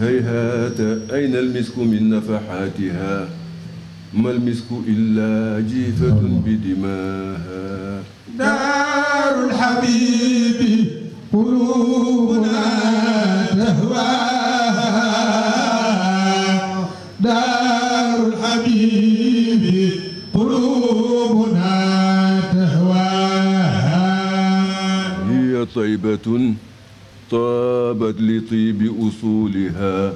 هيهات أين المسك من نفحاتها ما المسك إلا جيفة بدماها دار الحبيب قلوبنا تهواها دار الحبيب قلوبنا تهواها هي طيبة طابت لطيب أصولها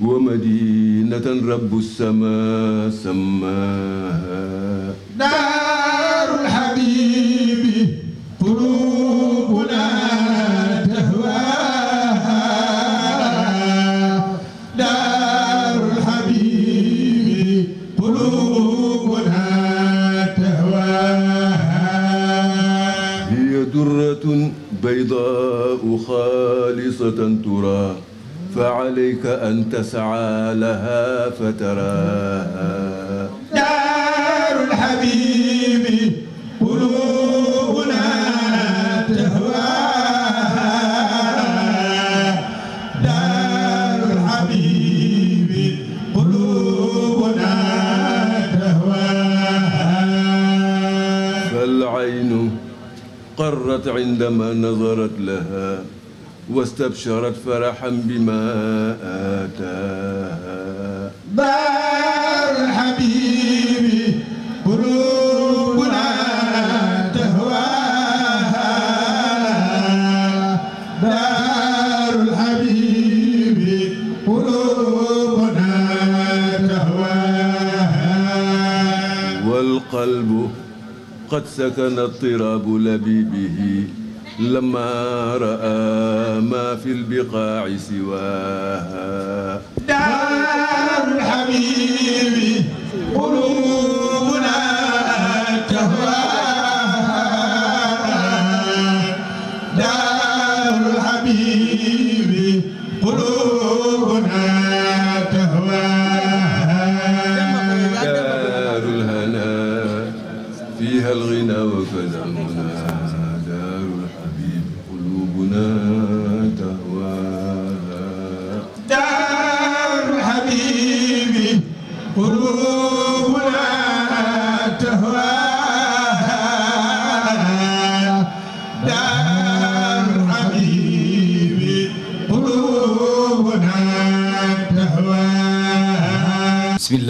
ومدينة رب السماء سماها دار الحياة البيضاء خالصة ترى فعليك أن تسعى لها فتراها دار الحبيب استقرت عندما نظرت لها واستبشرت فرحا بما آتاها بار حبيب قد سكن اضطراب لبيبه لما رأى ما في البقاع سواها دار الحبيب قلوبنا تهواها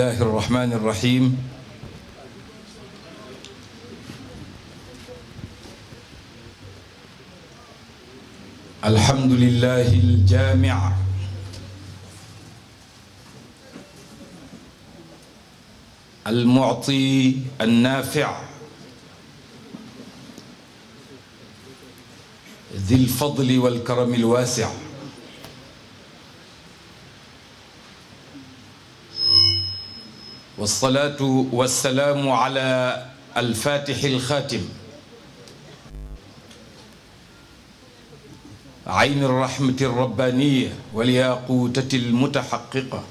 الله الرحمن الرحيم الحمد لله الجامع المعطي النافع ذي الفضل والكرم الواسع والصلاة والسلام على الفاتح الخاتم عين الرحمة الربانية والياقوتة المتحققة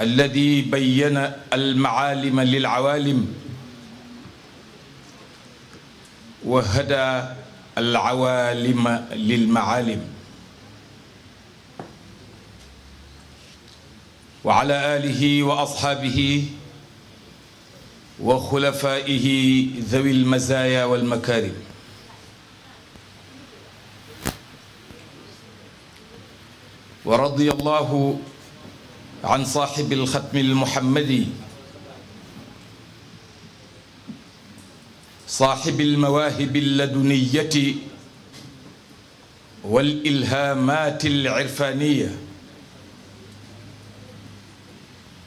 الذي بين المعالم للعوالم وهدى العوالم للمعالم wa ala aalihi wa asxaabihi wa xulafaaihi dhawi almazaaya wal makaarim wa radiya allahu an saaxibi alxatmi almuhammadi صاحب المواهب اللدنية والإلهامات العرفانية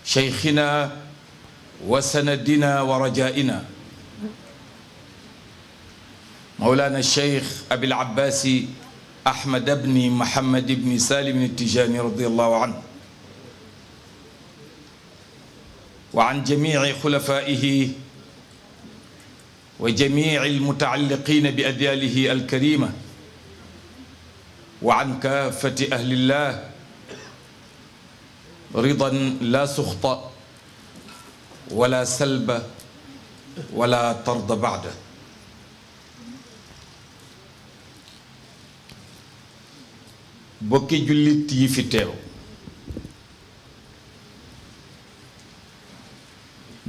شيخنا وسندنا ورجائنا مولانا الشيخ أبي العباس أحمد بن محمد بن سالم التجاني رضي الله عنه وعن جميع خلفائه وجميع المتعلقين بأدياله الكريمة وعن كافة أهل الله ridan la suxta wala salba wala tarda baada bokki jullit yi fi teew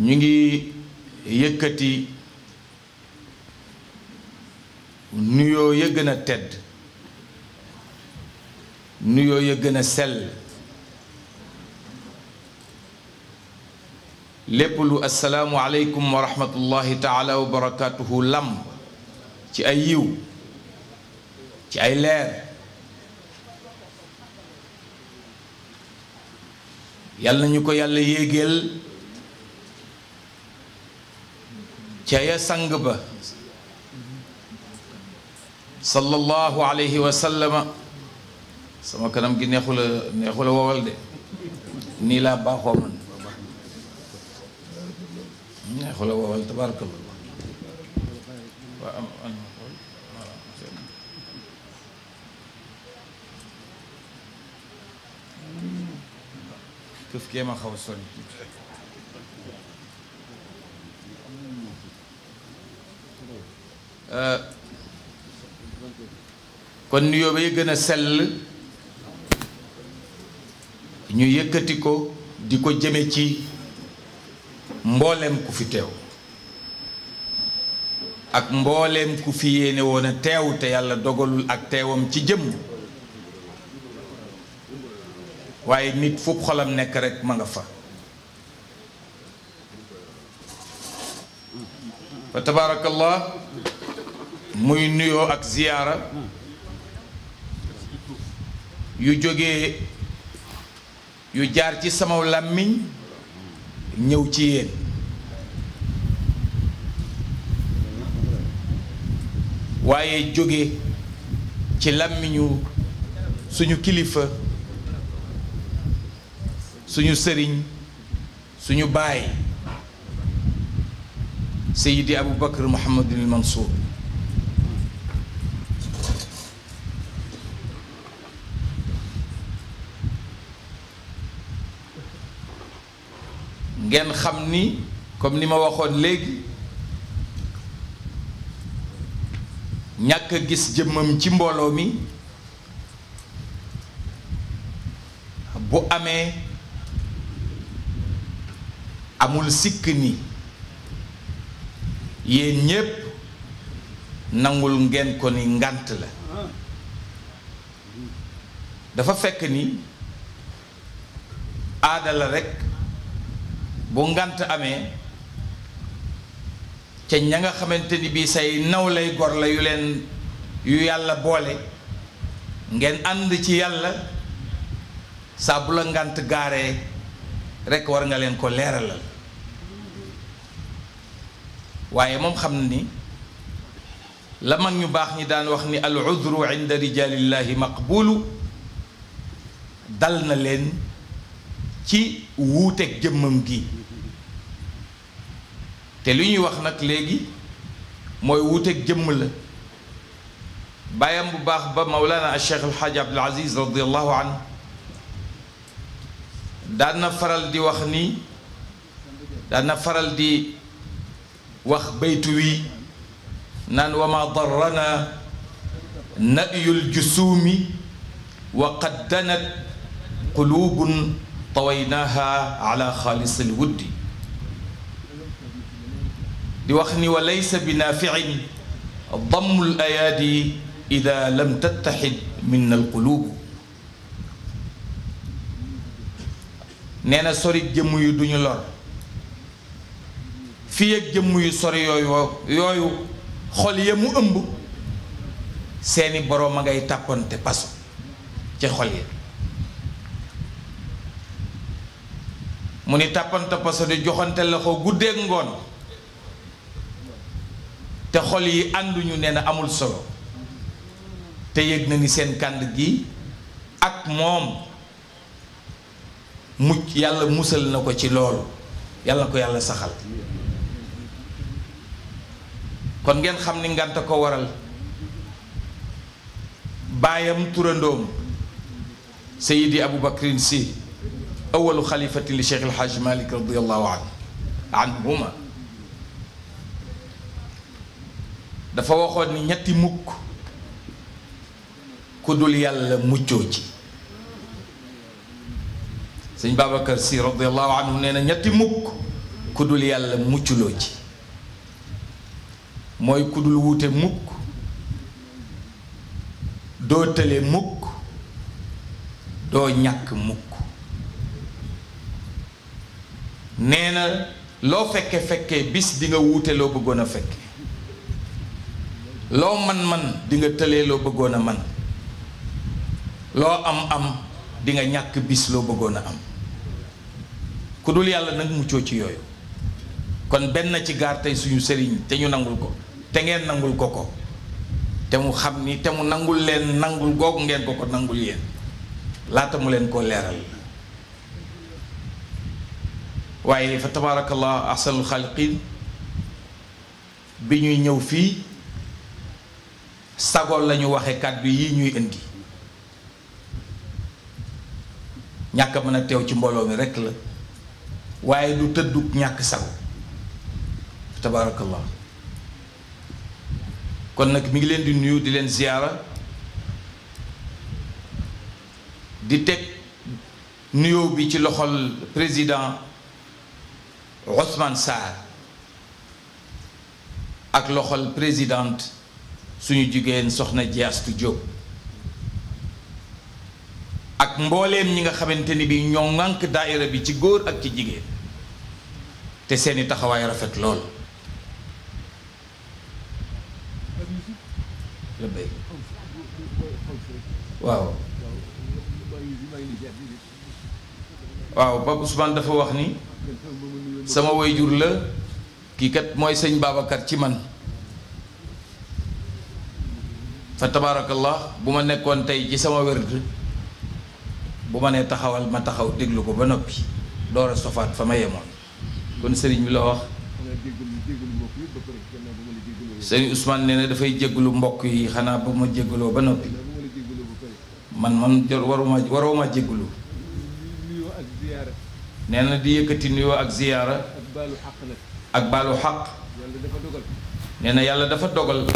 ñu ngi yëkkati nuyoo ya gën a tedd nuyoo ya gën a sell lépp lu asalaamualeykum wa rahmatullahi taala wa barakaatuhu lam ci ay yiw ci ay leer yàlla nañu ko yàlla yéegeel ca ya sang ba sallallahu alayhi wa sama kanam gi neexu la neexu la wowal de nii laa baaxoo xoolal wala tabaarakallah waaw na euh, sell ñu yëkkati ko di ko jëme ci mbooleem ku fi teew ak mbooleem ku fi yéene woon teew te yàlla dogalul ak teewam ci jëmm waaye nit fu xolam nekk rekk ma nga fa fa tabaarakallah muy nuyoo ak ziyaara yu jógee yu jaar ci sama làmmiñ ñëw ci yéen waaye jóge ci làmmiñu suñu kilifa suñu sëriñ suñu baay Seydi Aboubacar Mouhamadul Mansour ngeen xam ni comme ni ma waxoon léegi ñàkk a gis jëmmam ci mbooloo mi bu amee amul sikk ni yéen ñépp nangul ngeen ko ni ngànt la dafa fekk ni aadala rekk bu ngant amee ca ña nga xamante ni bii say naw lay gor la yu leen yu yàlla boole ngeen ànd ci yàlla saa bu la ngant gaaree rekk war nga leen ko leeralal waaye moom xam na ni la mag ñu baax ñi daan wax ni al udru inda rijaalillahi maqbulu dal na leen ci wuuteeg jëmmam gi te li ñuy wax nag léegi mooy wuuteeg jëmm la bàyyam bu baax ba Mawlana Cheikh El Hadj Abdoul Aziz radiallahu an daan na faral wax ni daan na faral di wax baytu wi naan wa ma darrana nayul jusuumi wa qaddanat quluubun tawaynaha ala xaalisil wuddi di wax ni wa laysa bi naafiin dammul ayaadi ida lam tattaxid min alquluubu nee na sori jëmm yu duñu lor fii ak jëmm yu sori yooyu yooyu xol ya mu ëmb seeni boroom a ngay tàppante paso ci xol yi mu ni tàppante paso di joxante loxo guddeeg ngoon te xol yi ànduñu nee na amul solo te yëg na ni seen kànd gi ak moom mucc yàlla musal na ko ci loolu yàlla ko yàlla saxal kon ngeen xam ni ngant ko waral baayam turandoom sayidi aboubacrin si awalu xalifatin li cheikh alxaaj malik radiallahu an anhuma dafa waxoon ni ñetti mukk ku dul yàlla muccoo ci sëñ Babacar si radiallahu anhu nee na ñetti mukk ku dul yàlla mucculoo ci mooy ku dul wuute mukk doo tële mukk doo ñàkk mukk nee na loo fekke fekkee bis di nga wuute loo bëggoon a fekke loo man-man dinga nga tëlee loo bëggoon a man loo am-am dinga ñàkk bis loo bëggoon a am ku dul yàlla nag muccoo ci yooyu kon benn ci gaar tey suñu sëriñ te ñu nangul ko te ngeen nangul ko ko te mu xam ni te mu nangul leen nangul googu ngeen ko ko nangul yéen laata mu leen koo leeral waaye fa tabaarakallah ahsanul xaaliqiin bi ñuy ñëw fii sago lañu ñu waxe kàddu yi ñuy indi ñàkk a mën a teew ci mbooloo mi rekk la waaye du tëddu ñàkk sago tabaarakallah kon nag mi ngi leen di nuyu di leen ziyaara di teg nuyoo bi ci loxol président Ousmane Sarr ak loxol présidente suñu jigéen soxna Diastu Diop ak mbooleem ñi nga xamante ni bi ñoo ŋànk daayira bi ci góor ak ci jigéen te seeni taxawaay rafet lool waaw waaw Pape dafa wax ni sama waajur la kii kat mooy sëñ Babacar ci man fa tabaarakallah bu ma nekkoon tey ci sama wérd bu ma nee taxawal ma taxaw déglu ko ba noppi door a sofaat fa ma yemoon kon sëriñ bi la wax sëriñ Ousmane nee na dafay jéggalu mbokk yi xanaa ba ma jéggaloo ba noppi man man jot waruma waruma jéggalu nee na di yëkkati nuyoo ak ziyaara ak baalu xaq nee na yàlla dafa dogal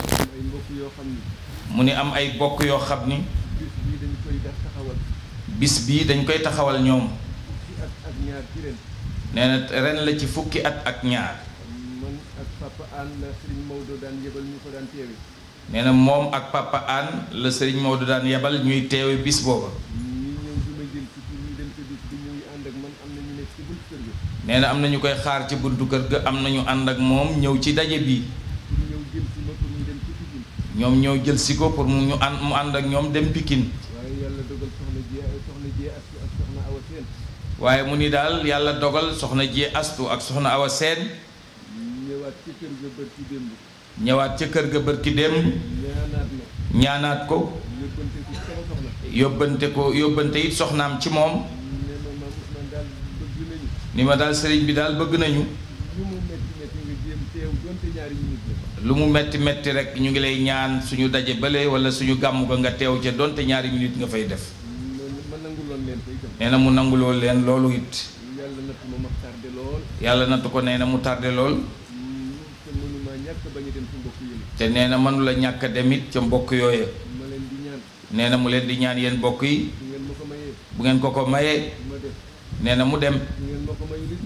mu ni am ay bokk yoo xam ni bis bii dañ koy taxawal ñoom nee na ren la ci fukki at ak ñaar nee na moom ak papa Anne la Serigne Maodo daan yebal ñuy teewe bis booba nee na am na ñu koy xaar ci buntu kër ga am na ñu ànd ak moom ñëw ci daje bii ñoom ñëw jël si ko pour mu ñu mu ànd ak ñoom dem Pikine waaye mu ni daal yàlla dogal soxna ji astu ak soxna awa seen ñëwaat ca kër ga ki démb ñaanaat ko yóbbante ko yóbbante it soxnaam ci moom ni ma daal sëriñ bi daal bëgg nañu lu mu metti metti rek ñu ngi lay ñaan suñu daje bale wala suñu gàmm ko nga teew ca donte ñaari minute nga fay def nee na mu nanguloo leen loolu it yàlla nattu ko nee na mu tardé lool te nee na mënula ñàkk dem it ca mbokk yooya nee na mu leen di ñaan yéen mbokk yi bu ngeen ko ko mayee nee na mu dem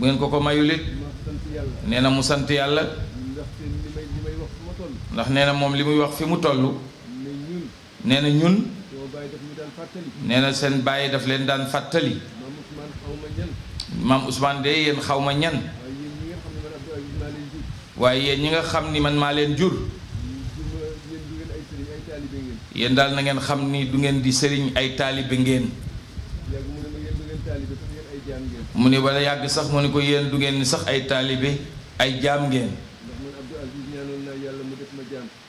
bu ngeen ko ko mayul it nee na mu sant yàlla ndax nee na moom li muy wax fi mu toll nee na ñun nee na seen bàyyi daf leen daan fàttali maam Ousmane de yéen xaw ma ñan waaye yéen ñi nga xam ni man maa leen jur yéen daal na ngeen xam ni du ngeen di sëriñ ay taalibe ngeen mu ne wala yàgg sax mu ne ko yéen du ngeen ni sax ay taalibe ay jaam ngeen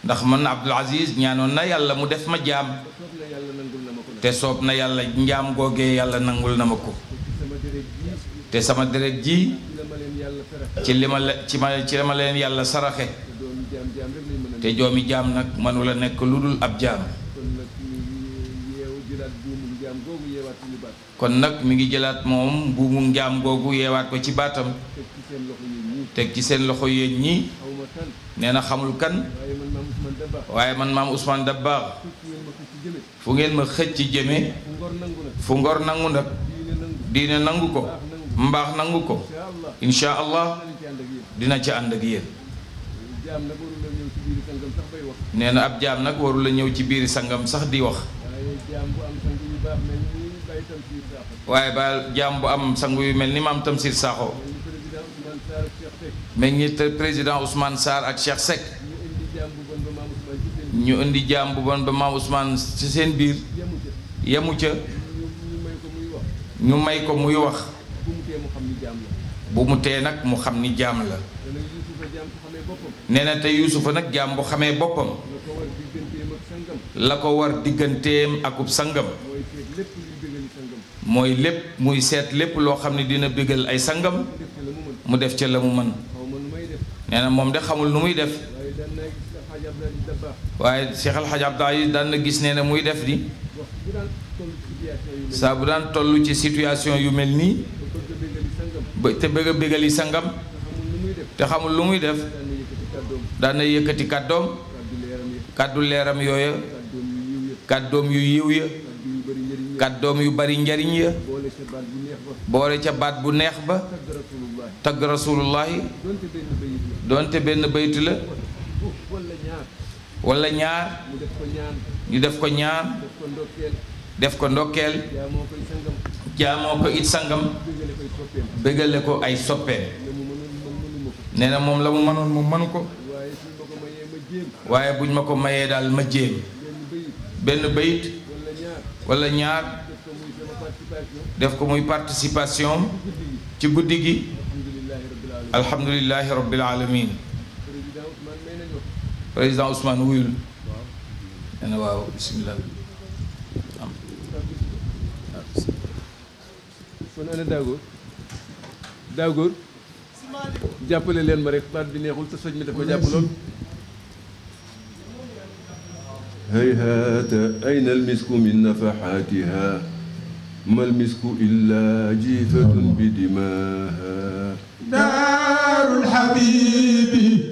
ndax mën man Abdul Aziz ñaanoon na yàlla mu def ma jaam te soob na yàlla njaam googee yàlla nangul na ma ko te sama deret ji ci li ma ci ma ci ma leen yàlla saraxe te joomi jaam nag mënula nekk lu dul ab jaam kon nag mu ngi jëlaat moom mbuumu njaam googu yeewaat ko ci baatam teg ci seen loxo yéen ñi nee na xamul kan waaye man maam Ousmane Dabbaax fu ngeen ma xëcc jëme fu ngor nangu nag diine nangu ko mbaax nangu ko incha allah dina ci ànd ak yéen nee na ab jaam nag warul la ñëw ci biir sangam sax di wax waaye ba jaam bu am sangu yu mel ni maam Tamsir Sakho mel ni président Ousmane Sarr ak Cheikh Seck ñu indi jaam bu bon ba maam ci seen biir yemu ca ñu may ko muy wax bu mu tee nag mu xam ni jaam la nee na te yuusufa nag jaam bu xamee boppam la ko war digganteem akub sangam mooy lépp muy seet lépp loo xam ne dina bégal ay sangam mu def ca la mu mën nee moom de xamul nu muy def waaye Cheikh El Hadj Abdoulaye daan na gis nee na muy def di saa bu daan toll ci situation yu mel nii ba te bëgg bëggali sangam te xamul lu muy def daan na yëkkati kàddoom kàddu leeram yooya kàddoom yu yiw ya kàddoom yu bari njariñ ya boole ca baat bu neex ba tagg rasulullahi donte benn bayit la wala ñaar ñu def ko ñaan def ko ndokkeel jaamoo ko it sangam bégale ko ay soppeem nee na moom la mu mënoon mu mënu ko waaye buñ ma ko mayee daal ma jéem benn bayit wala ñaar def ko muy participation ci guddi gi alhamdulilahi rabbil alamin président Ousmane wuyul nee na waaw bisimilah kon ana daagoor daagoor jàppale leen ma rek baat bi neexul te soj mi dafa jàpp lool هيهات أين المسك من نفحاتها ما المسك إلا جيفة بدماها دار الحبيب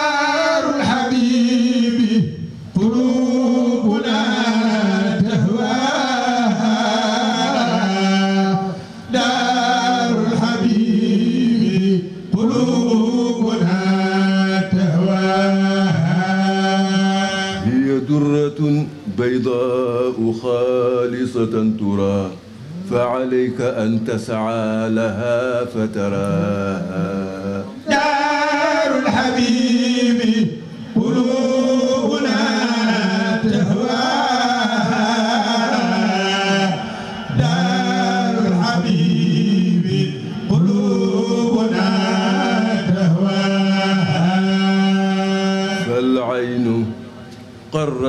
البيضاء خالصة ترى فعليك أن تسعى لها فتراها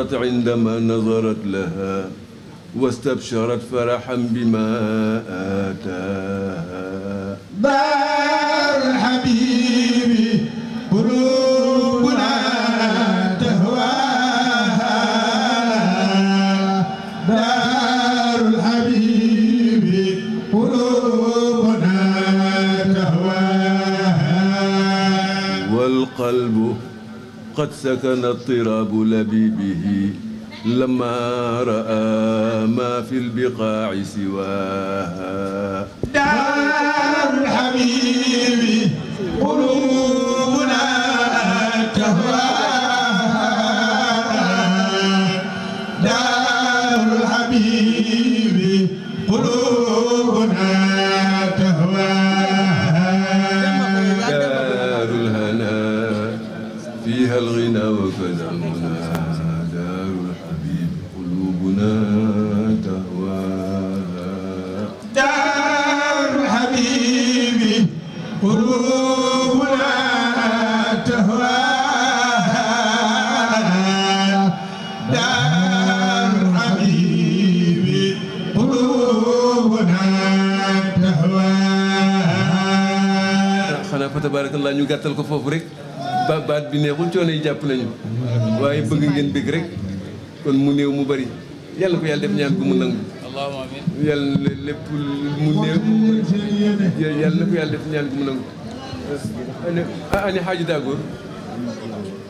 سرت عندما نظرت لها واستبشرت فرحا بما آتاها دار حبيبي قلوبنا تهواها دار الحبيب قلوبنا تهواها والقلب قد سكن اضطراب لبيبه لما رأى ما في البقاع سواها دار الحبيب قلوبنا تهوى jàpp waaye bëgg ngeen bëgg rek kon mu néew mu bari yàlla ko yàlla def ñaan bu mu nangu yàlla lépp mu néew yàlla na ko yàlla def ñaan bu mu nangu ani xaaju daagoor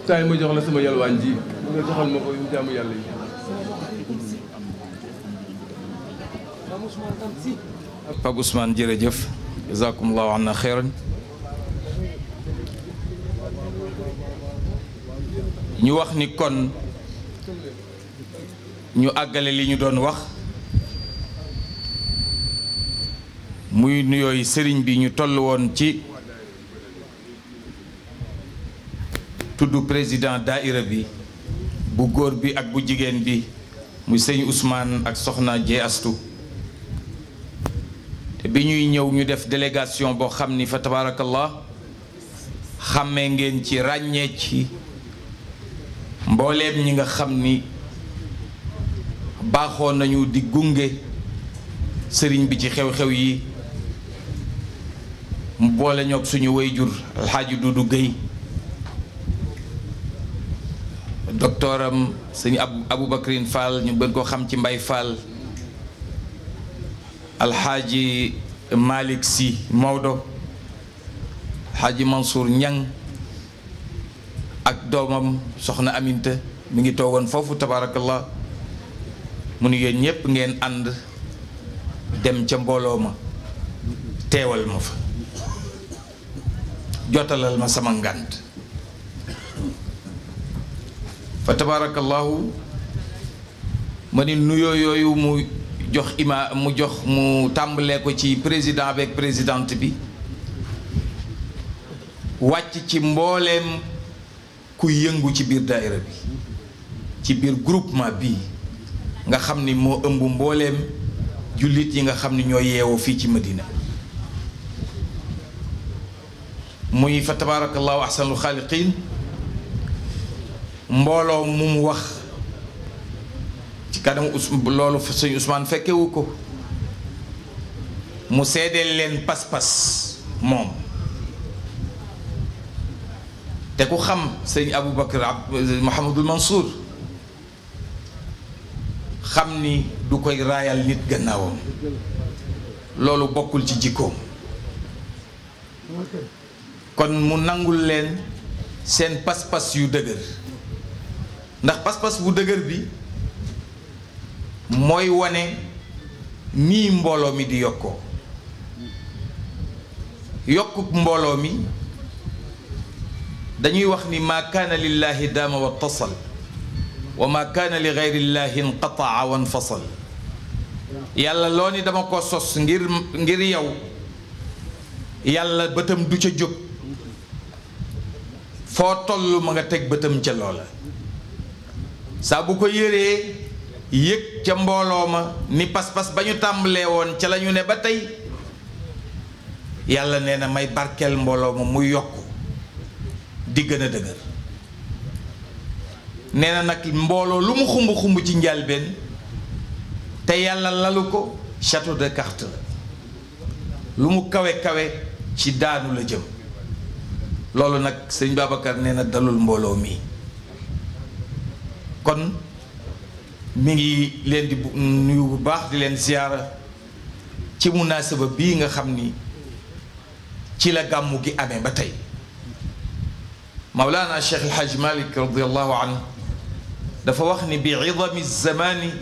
taay ma jox la sama yalwaan ji nga joxal ma ko jaamu yàlla yi Pape Ousmane jërëjëf jazakumullahu anna xeyran ñu wax ni kon ñu àggale li ñu doon wax muy nuyooy sëriñ bi ñu toll woon ci tudd président daaira bi bu góor bi ak bu jigéen bi muy sëñ usmaan ak soxna Jee Astu te bi ñuy ñëw ñu def délégation boo xam ni fa tabaarakallah xàmmee ngeen ci ràññee ci mbooleem ñi nga xam ni baaxoo nañu di gunge sëriñ bi ci xew-xew yi boole ñoog suñu wayjur alxaaji Dudu Guèye docteur am sëñ ab Aboubacrine ñu gën ko xam ci Mbay Fall alxaaji Malick si Maodo alxaaji Mansour Ñang ak doomam soxna Aminta mu ngi toogoon foofu tabaarakallah mu ni yéen ñépp ngeen ànd dem ca mbooloo ma teewal ma fa jotalal ma sama ngànt fa tabaarakallahu ma ni nuyoo yooyu mu jox ima mu jox mu tàmbalee ko ci président avec présidente bi wàcc ci mbooleem kuy yëngu ci biir daayira bi ci biir groupement bi nga xam ni moo ëmb mbooleem jullit yi nga xam ni ñoo yeewoo fii ci Medina muy fa tabaarakallaahu ahsanul xaaliqiin mbooloo mu mu wax ci kanam loolu sëñ Ousmane fekkewu ko mu seedeel leen pas-pas moom te ku xam sëñ Aboubacar ab Mouhamadul Mansour xam ni du koy raayal nit gannaawam loolu bokkul ci jikkoom kon mu nangul leen seen pas-pas yu dëgër ndax pas-pas bu dëgër bi mooy wane nii mbooloo mi di yokkoo yokkub mbooloo mi dañuy wax ni maa kaana lillaahi daama wa tasal wa maa kaana li gayrillaahi inqataa wa infasal yàlla loo ni dama ko sos ngir ngir yow yàlla bëtam du ca jóg foo toll ma nga teg bëtam ca loola saa bu ko yéree yëg ca mbooloo ma ni pas-pas ba ñu tàmbalee woon ca la ñu ne ba tey yàlla nee na may barkeel mbooloo ma mu yokk di gën a dëgër nee na nag mbooloo lu mu xumb xumb ci njalbeen te yàlla lalu ko château de cartes la lu mu kawe kawe ci daanu la jëm loolu nag sëñ Babacar nee na dalul mbooloo mi kon mu ngi leen di nuyu bu baax di leen ziyaara ci munaasaba bii nga xam ni ci la gàmmu gi amee ba tey mawlaana cheikh alhaj malik radiallahu anhu dafa wax ni bi idami zamani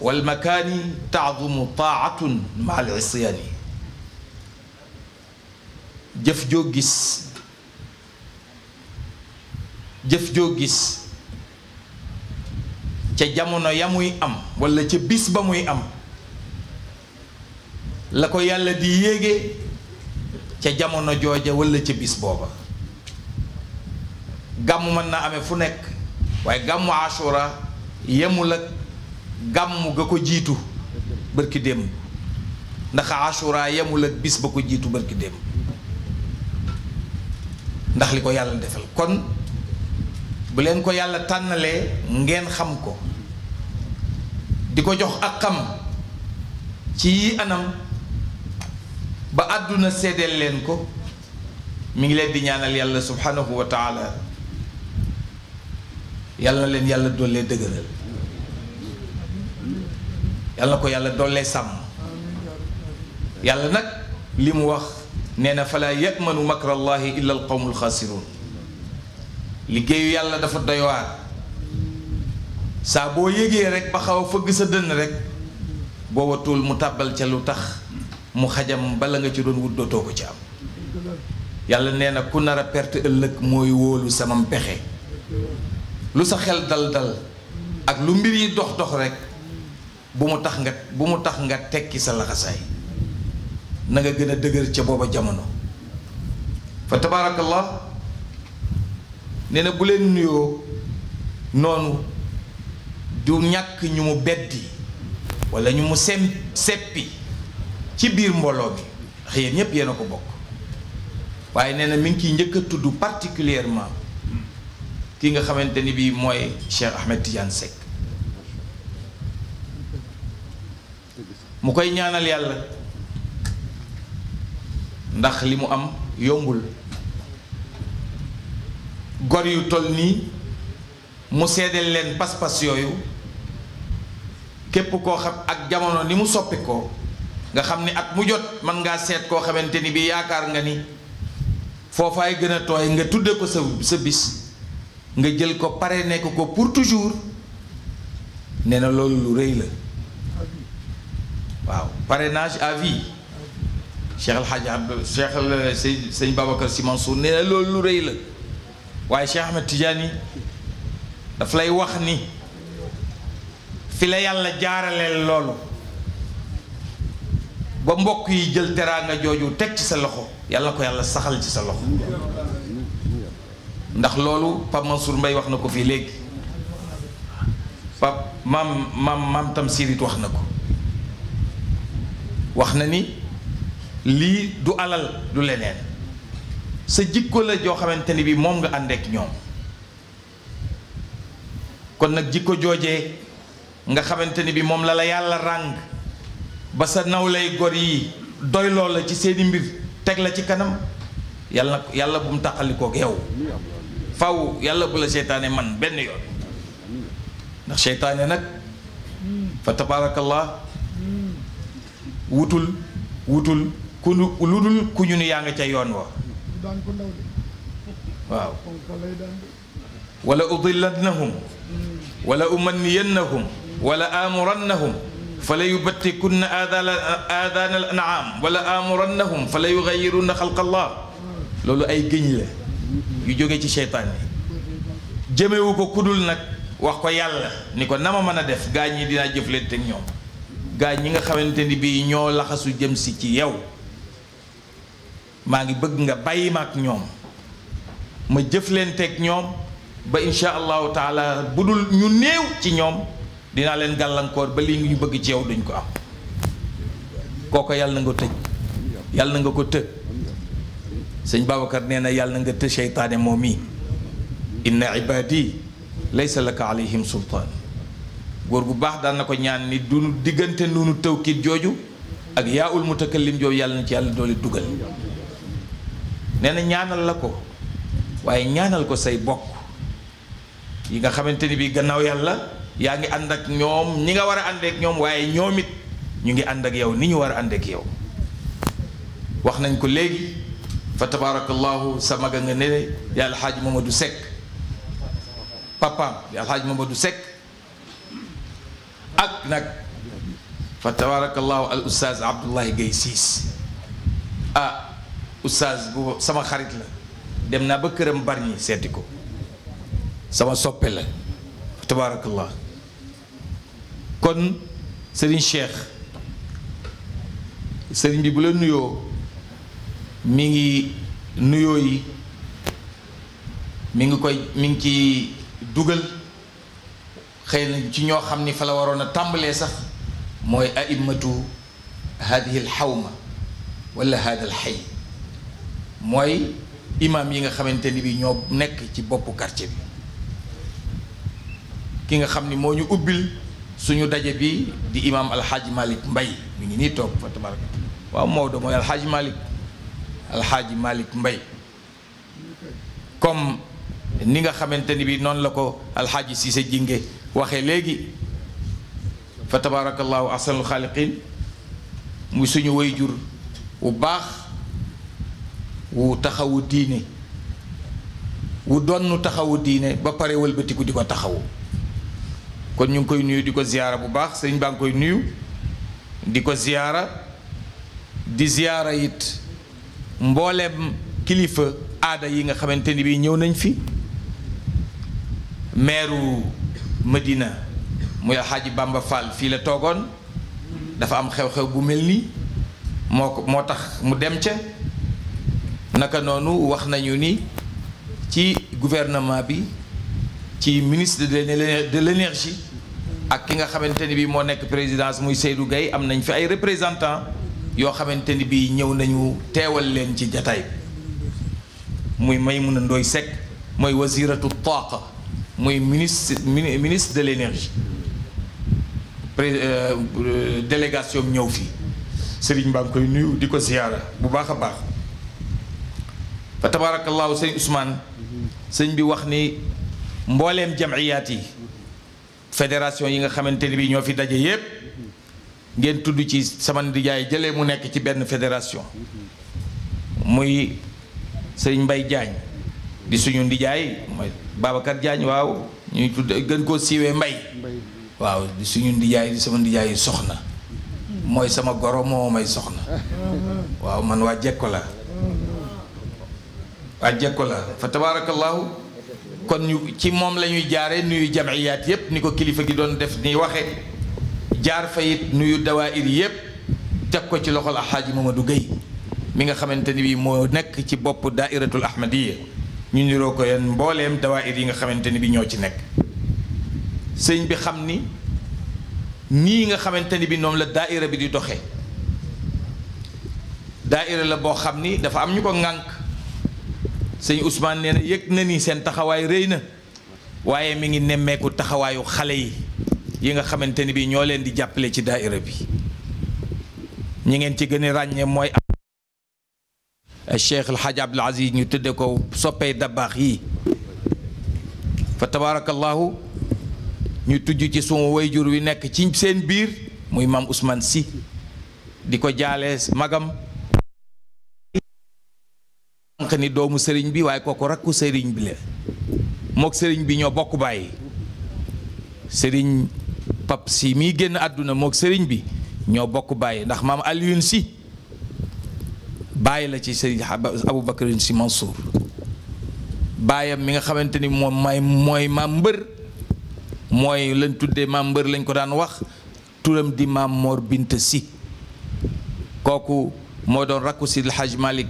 walmakaani taadumu taatun ma alisiyaani jëf joo gis jëf joo gis ca jamono ya muy am walla ca bis ba muy am la ko yàlla di yéege ca jamono jooja walla ca bis booba gàmmu mën naa ame fu nekk waaye gàmmu Ashura yemul ak gàmm ga ko jiitu bërki démb ndax Ashura yemul ak bis ba ko jiitu bërki démb ndax li ko yàlla defal kon bu leen ko yàlla tànnalee ngeen xam ko di ko jox ak xam ci yi anam ba àdduna seddeel leen ko mu ngi leen di ñaanal yàlla subhanahu wa yàlla na leen yàlla dollee dëgëral yàlla na ko yàlla dollee sàmm yàlla nag li mu wax nee na falaa yamanu makrallahi illa al qawmul xaasiruun liggéeyu yàlla dafa doy waar saa boo yégee rek ba xaw a fëgg sa dënn rek booba tuul mu tàbbal ca lu tax mu xajam bala nga ci doon wut dootoo ko ci am yàlla nee na ku nar a perte ëllëg mooy wóolu sama pexe lu sa xel dal dal ak lu mbir yi dox dox rekk bu mu tax nga bu mu tax nga tekki sa laxasaay nanga gën a dëgër ca booba jamono fa tabaarakallah nee na bu leen nuyoo noonu du ñàkk ñu mu beddi walla ñu mu sem seppi ci biir mbooloo bi xëy yéen ñépp yéen ko bokk waaye nee na mi ngi ciy njëkk a tudd particulièrement kii nga xamante ni bii mooy Cheikh Ahmed Tidiane Seck mu koy ñaanal yàlla ndax li mu am yombul gor yu toll nii mu seedeel leen pas-pas yooyu képp koo xam ak jamono ni mu soppi ko nga xam ni at mu jot mën ngaa seet koo xamante ni bi yaakaar nga ni foofaay gën a tooy nga tudd ko sa sa bis nga jël ko pare nekk ko pour toujours nee na loolu lu rëy la waaw parrainage à vie Cheikh El Hadj Abdou Cheikh El Sëñ Babacar Sy Mansour nee na loolu lu rëy la waaye Cheikh Ahmed Tidiane daf lay wax ni fi la yàlla jaaraleel loolu ba mbokk yi jël teraanga jooju teg ci sa loxo yàlla ko yàlla saxal ci sa loxo ndax loolu Pape Mansour Mbaye wax na ko fii léegi Pape maam maam maam Tamsir wax na ko wax na ni lii du alal du leneen sa jikko la joo xamante ni bi moom nga àndeek ak ñoom kon nag jikko joojee nga xamante ni bi moom la la yàlla ràng ba sa nawlay gor yi doyloo la ci seeni mbir teg la ci kanam yàlla yàlla bu mu tàqalikoo ak yow faw yàlla bu la seytaane man benn yoon ndax seytaane nag fa tabaarakallah wutul wutul ku lu dul ku ñu nu yaa nga ca yoon wa waaw wala udillannahum wala umanniyannahum wala amurannahum fala yubattikunna aadaana al anaam wala amurannahum fala yugayyirunna xalqa allah loolu ay gëñ la yu jóge ci seytaan bi jëmewu ko ku dul nag wax ko yàlla ni ko na ma mën a def gaa ñi dinaa jëflante ak ñoom gaa ñi nga xamante ni bii ñoo laxasu jëm si ci yow maa ngi bëgg nga bàyyi ma ak ñoom ma jëflante ak ñoom ba insha allahu taala bu dul ñu néew ci ñoom dinaa leen gàllankoor ba lii ngi ñu bëgg ci yow duñ ko am kooko yàlla na nga tëj yàlla nga ko tëj sëñ Babacar nee na yàlla na nga të seytaane moom mii inna ibaadi laysa laka alayhim sultaan góor gu baax daan na ko ñaan ni dunu diggante nunu tawkiit jooju ak yaa ul mutakallim jooju yàlla na ci yàlla doole dugal nee na ñaanal la ko waaye ñaanal ko say bokk yi nga xamante ni bii gannaaw yàlla yaa ngi ànd ak ñoom ñi nga war a ànd ak ñoom waaye ñoom it ñu ngi ànd ak yow ni ñu war a ànd ak yow wax nañ ko léegi fa tabarakallahu sa mag a nga nele di alxaaj Mamadou Seck papaam di alxaaj Mamadou Seck ak nag fa tabarakallahu al oustaz Abdoulaye Guèye Siis ah oustaz bu sama xarit la dem naa ba këram bari ñi seeti ko sama soppe la fa tabarakallah kon sëriñ Cheikh sëriñ bi bu la nuyoo mi ngi nuyoo yi mi ngi koy mi ngi ci dugal xëy na ci ñoo xam ni fa la waroon a tàmbalee sax mooy aimatu hadihi al xawma wala hada al mooy imaam yi nga xamante ni bi ñoo nekk ci boppu quartier bi ki nga xam ni moo ñu ubbil suñu daje bi di imaam alxaaji malik mbay mu ngi nii toog fa tabaraka waaw Maodo mooy alxaaji malik alxaaji malik mbay comme ni nga xamante ni bi noonu la ko alxaaji Cissé Jinge waxee léegi fa tabaarakallaahu ahsanul xaaliqiin mu suñu way jur wu baax wu taxawu diine wu donnu taxawu diine ba pare wëlbatiku di ko taxawu kon ñu ngi koy nuyu di ko ziyaara bu baax sëñ baa ngi koy nuyu di ko ziyaara di ziyaara it mbooleem kilifa aada yi nga xamante ni bii ñëw nañ fi meeru Medina muy Alxaaji Bamba Fall fii la toogoon dafa am xew-xew bu mel nii moo ko moo tax mu dem ca naka noonu wax nañu ni ci gouvernement bi ci ministre de l'énergie ak ki nga xamante ni bii moo nekk présidence muy Seydou gay am nañ fi ay représentant yoo xamante ni bii ñëw nañu teewal leen ci jataay muy may a Ndoye Seck mooy wasiratu taaqa muy ministre ministre de l'énergie euh, euh, délégation ñëw fi Serigne baa ngi koy nuyu di ko ziyaara bu baax a baax fa tabaarakallaahu sëñ Ousmane sëñ bi wax ni mbooleem jamiyaat yi fédération yi nga xamante ni bii ñoo fi daje yépp ngeen tudd ci sama nijaay jëlee mu nekk ci benn fédération muy sëñ Mbay Jaañ di suñu ndijaay mooy Jaañ waaw ñuy tudd gën koo siiwee Mbay waaw di suñu ndijaay di sama ndijaay soxna mooy sama goro moo may soxna waaw man waa jekko la waa jekko la fa tabaarakallaahu kon ñu ci moom lañuy jaare nuyu jamiyaat yépp ni ko kilifa gi doon def ni waxe jaar fa it nuyu dawaayir yëpp teg ko ci loxol alxaaji Mamadou Guèye mi nga xamante ni bii moo nekk ci bopp daairatul ahmadiya ñu niroo ko yeen mbooleem dawaayir yi nga xamante ni bi ñoo ci nekk sëñ bi xam ni nii nga xamante ni bi noonu la daa daaira bi di doxe daa daaira la boo xam ni dafa am ñu ko ŋànk sëñ Ousmane nee yëg na ni seen taxawaay rëy na waaye mi ngi nemmeeku taxawaayu xale yi yi nga xamante ni bi ñoo leen di jàppale ci daa daaira bi ñi ngeen ci gën ràññee mooy Cheikh El Hadj Abdoul Aziz ñu tudde ko soppee dabaax yi fa tabaarakallaahu ñu tujj ci suma jur wi nekk ci seen biir muy maam Ousmane Sy di ko jaalee magam sànq ni doomu sëriñ bi waaye kooku rakku sëriñ bi la mook sëriñ bi ñoo bokk bàyyi sëriñ pap si mi génn àdduna mook sëriñ bi ñoo bokk bàyyi ndax maam Alioune si bàyyi la ci sëriñ Abou Bakarin si Mansour baayam mi nga xamante ni moom may mooy maam mbër mooy lañ tuddee maam mbër lañ ko daan wax turam di maam Mor Bint si kooku moo doon rakku Sidil Hadj Malick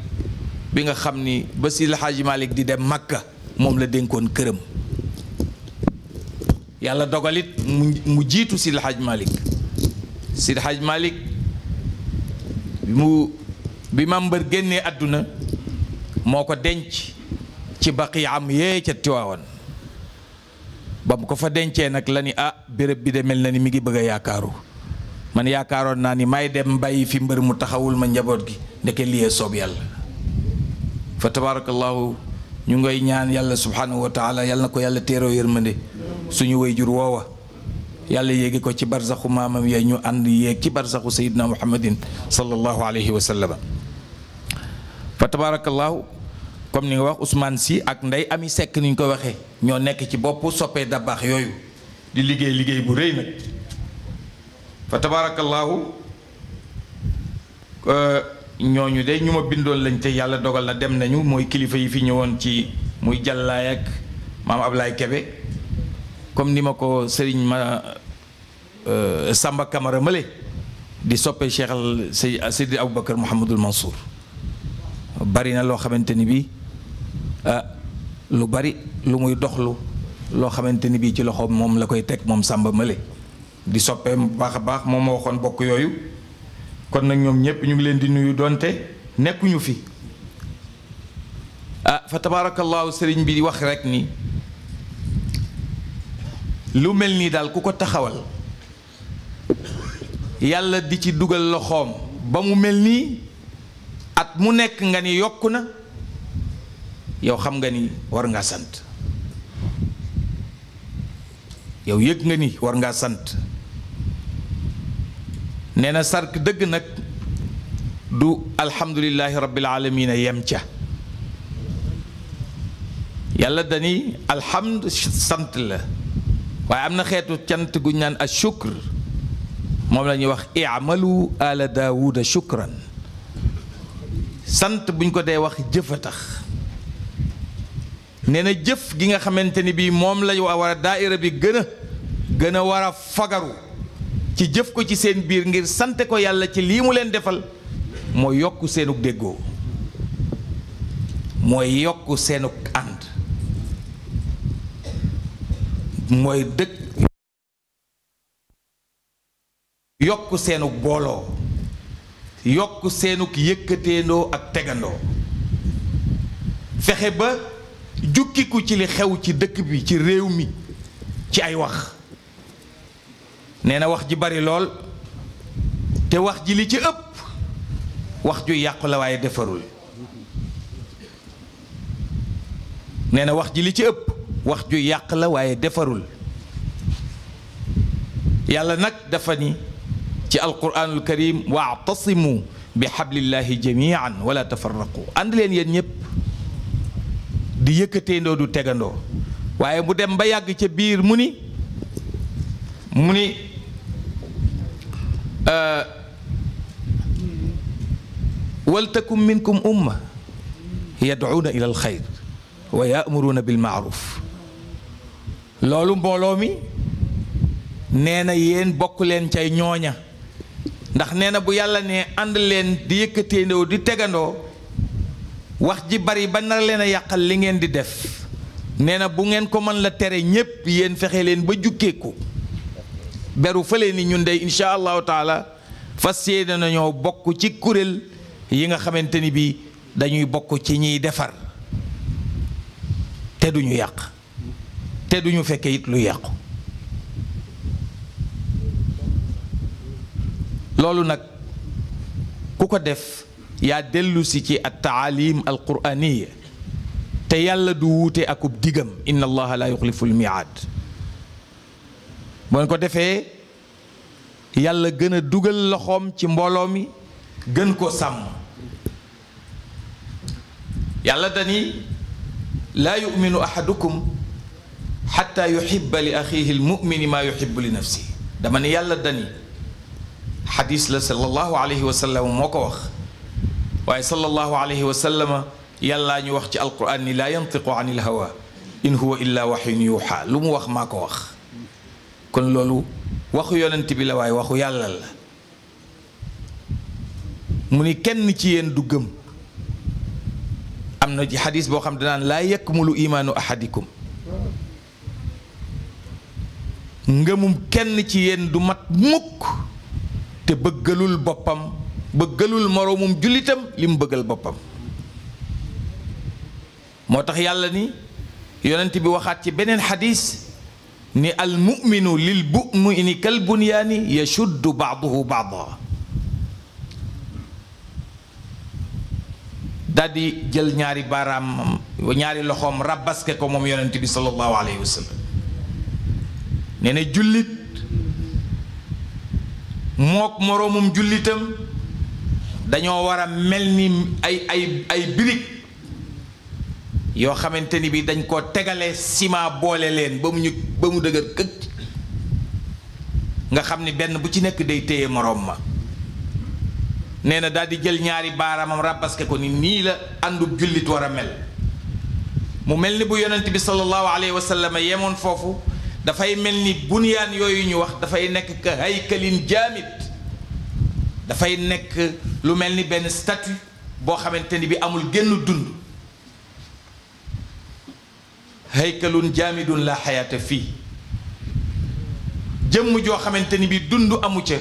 bi nga xam ni ba la Hadj malik di dem Makka moom la dénkoon këram yàlla dogalit mu mu jiitu Sidi Hadj Malick Sidi Hadj Malick mu bi maam mbër génnee àdduna moo ko denc ci baqi am yee ca Tiwaawan ba mu ko fa dencee nag la ni ah béréb bi de mel na ni mi ngi bëgg a yaakaaru man yaakaaroon naa ni may dem bàyyi fi mbër mu taxawul ma njaboot gi ndeke liyee soob yàlla fa tabaarakallaahu ñu ngay ñaan yàlla subhaanahu wa taala yàlla na ko yàlla téeroo yërmande suñu wayjur woowa yàlla yéegi ko ci barzaxu maamam yee ñu ànd yéeg ci barzaxu sayidna muhammadin sallallahu alayhi wa sallam fa tabaarakallaahu comme ni nga wax Ousmane si ak ndey Amy Seck ni ñu ko waxee ñoo nekk ci bopp soppee dabaax yooyu di liggéey liggéey bu rëy nag fa tabaarakallaahu euh, ñooñu de ñu ma bindoon lañ te yàlla dogal na dem nañu mooy kilifa yi fi ñëwoon ci muy jàllaay ak maam Ablaye Kebe comme ni ma ko sëriñ ma euh, Samba Camara Mële di soppee Cheikh al Seydi Aboubacar Mouhamadul Mansour bari na loo xamante ni bii ah, lu bari lu muy doxlu loo xamante ni bii ci loxo moom la koy teg moom Samba Mële di soppeem bu baax a baax moom ma waxoon bokk yooyu kon nag ñoom ñëpp ñu ngi leen di nuyu donte nekkuñu fi ah fa tabaarakallaahu sëriñ bi di wax rek ni. lu mel nii daal ku ko taxawal yàlla di ci dugal loxoom ba mu mel nii at mu nekk nga ni yokk na yow xam nga ni war ngaa sant yow yëg nga ni war ngaa sant nee na sark dëgg nag du alhamdulillahi rabbil alamina yem ca yàlla dani alhamd sant la waaye am na xeetu cant guñ naan a shukr moom lañuy wax i'malu ala daawuda shukran sant buñ ko dee wax jëf a tax nee na jëf gi nga xamante ni bii moom la war a daaira bi gën a gën a war a fagaru ci jëf ko ci seen biir ngir sante ko yàlla ci lii mu leen defal mooy yokk seenug déggoo mooy yokk seenug ànd mooy dëkk yokk seenug booloo yokk seenuk yëkkateendoo ak tegandoo fexe ba jukkiku ci li xew ci dëkk bi ci réew mi ci ay wax neena wax ji bari lool te wax ji li ci ëpp wax ju yàqu la waaye defarul nee na wax ji li ci ëpp wax ju yàq la waaye defarul yàlla nag dafa ni ci alquranul karim waatasimu bi xablillahi jamian wala tafarraqu ànd leen yéen ñëpp di yëkkateendoo du tegandoo waaye mu dem ba yàgg ca biir mu ni mu ni euh, waltakum minkum umma yadcuuna ila alxayr wa yaamuruuna loolu mbooloo mi nee na yéen bokk leen cay ñooña ndax nee na bu yàlla ne ànd leen di yëkkateendoo di tegandoo wax ji bari ba na leen a yàqal li ngeen di def nee na bu ngeen ko mën la tere ñépp yéen fexe leen ba jukkeeku beru fële ni ñun dey incha allahu taala fas yéene nañoo bokk ci kuréel yi nga xamante ni bi dañuy bokk ci ñiy defar te duñu yàq te duñu fekke it lu yàqu loolu nag ku ko def yaa dellusi ci at taalim al quraaniya te yàlla du wuute akub digam inna allaha la yuxlifu al miaad ko defee yàlla gën a dugal loxoom ci mbooloo mi gën ko sàmm yàlla dani laa yuminu ahadukum xatta yuhibba li axiihi lmumini maa yuhibbu li nafsi dama ne yàlla dani xadis la sallallahu alayhi wa sallam moo ko wax waaye sallallahu alayhi wa sallam yàllaa ñu wax ci alquran ni laa yantiqu an il hawa in huwa illa waxyun yuuxa lu mu wax maa ko wax kon loolu waxu yonent bi la waaye waxu yàlla la mu ni kenn ci yéen du gëm am na ci xadis boo xam danaan laa yakmulu imaanu ahadikum ngëmum kenn ci yéen du mat mukk te bëggalul boppam bëggalul moroomum jullitam li mu bëggal boppam moo tax yàlla ni yonent bi waxaat ci beneen xadis ni al muminu lil mumini kal bunyaani yashuddu baaduhu baada daldi jël ñaari baaraamam ñaari loxoom ràbbaske ko moom yonent bi sallallahu alayhi wa nee na jullit mook moroomum jullitam dañoo war a mel ni ay ay ay birig yoo xamante ni bi dañ koo tegale ciment boole leen ba mu ñu ba mu dëgër këcc nga xam ni benn bu ci nekk day téye moroom ma nee na daal di jël ñaari baaraamam ràbbaske ko ni nii la àndub jullit war a mel mu mel ni bu yonent bi sallallahu alayhi wa sallam yemoon foofu dafay mel ni bunuyaan yooyu ñu wax dafay nekk ka haykalin jaamit dafay nekk lu mel ni benn stati boo xamante ni bi amul génn dund haykalun jaamidun la xayaata fii jëmm joo xamante ni bi dund amu ca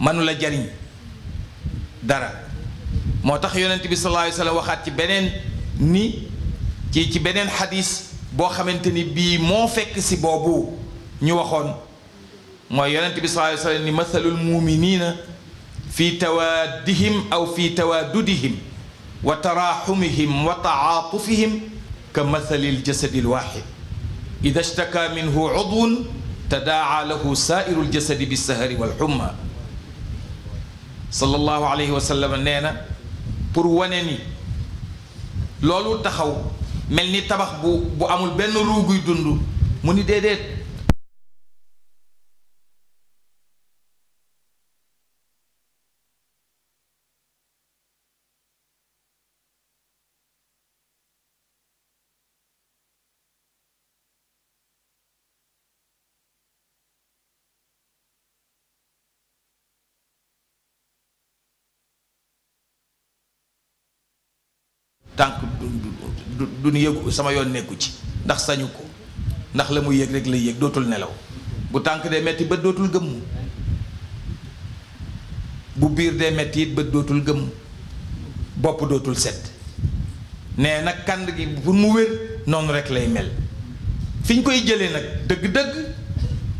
mënu jariñ dara moo tax yonent bi sallallahu waxaat ci beneen ni ci ci beneen xadiis boo xamante ni bii moo fekk si boobu ñu waxoon mooy yonent bi sallallahu alayhi wasallam ni mathalul muminina fi tawaddihim aw fi tawaddudihim wa taraxumihim wa taatufihim ka mathalil jasadil waxid ida shtaka minhu udwun tadaaca lahu saairul jasadi bisahari walxumma sallallahu alayhi wa sallam nee na pour wane ni loolu taxaw mel ni tabax bu bu amul benn ruuguy dund mu ni déedéet tànk du du nu yëgu sama yoon nekku ci ndax sañu ko ndax la mu yëg rek la yëg dootul nelaw bu tànk dee metti bët dootul gëmm bu biir dee metti it bët dootul gëmm bopp dootul set nee nag kànd gi bu mu wér noonu rek lay mel fi ñu koy jëlee nag dëgg-dëgg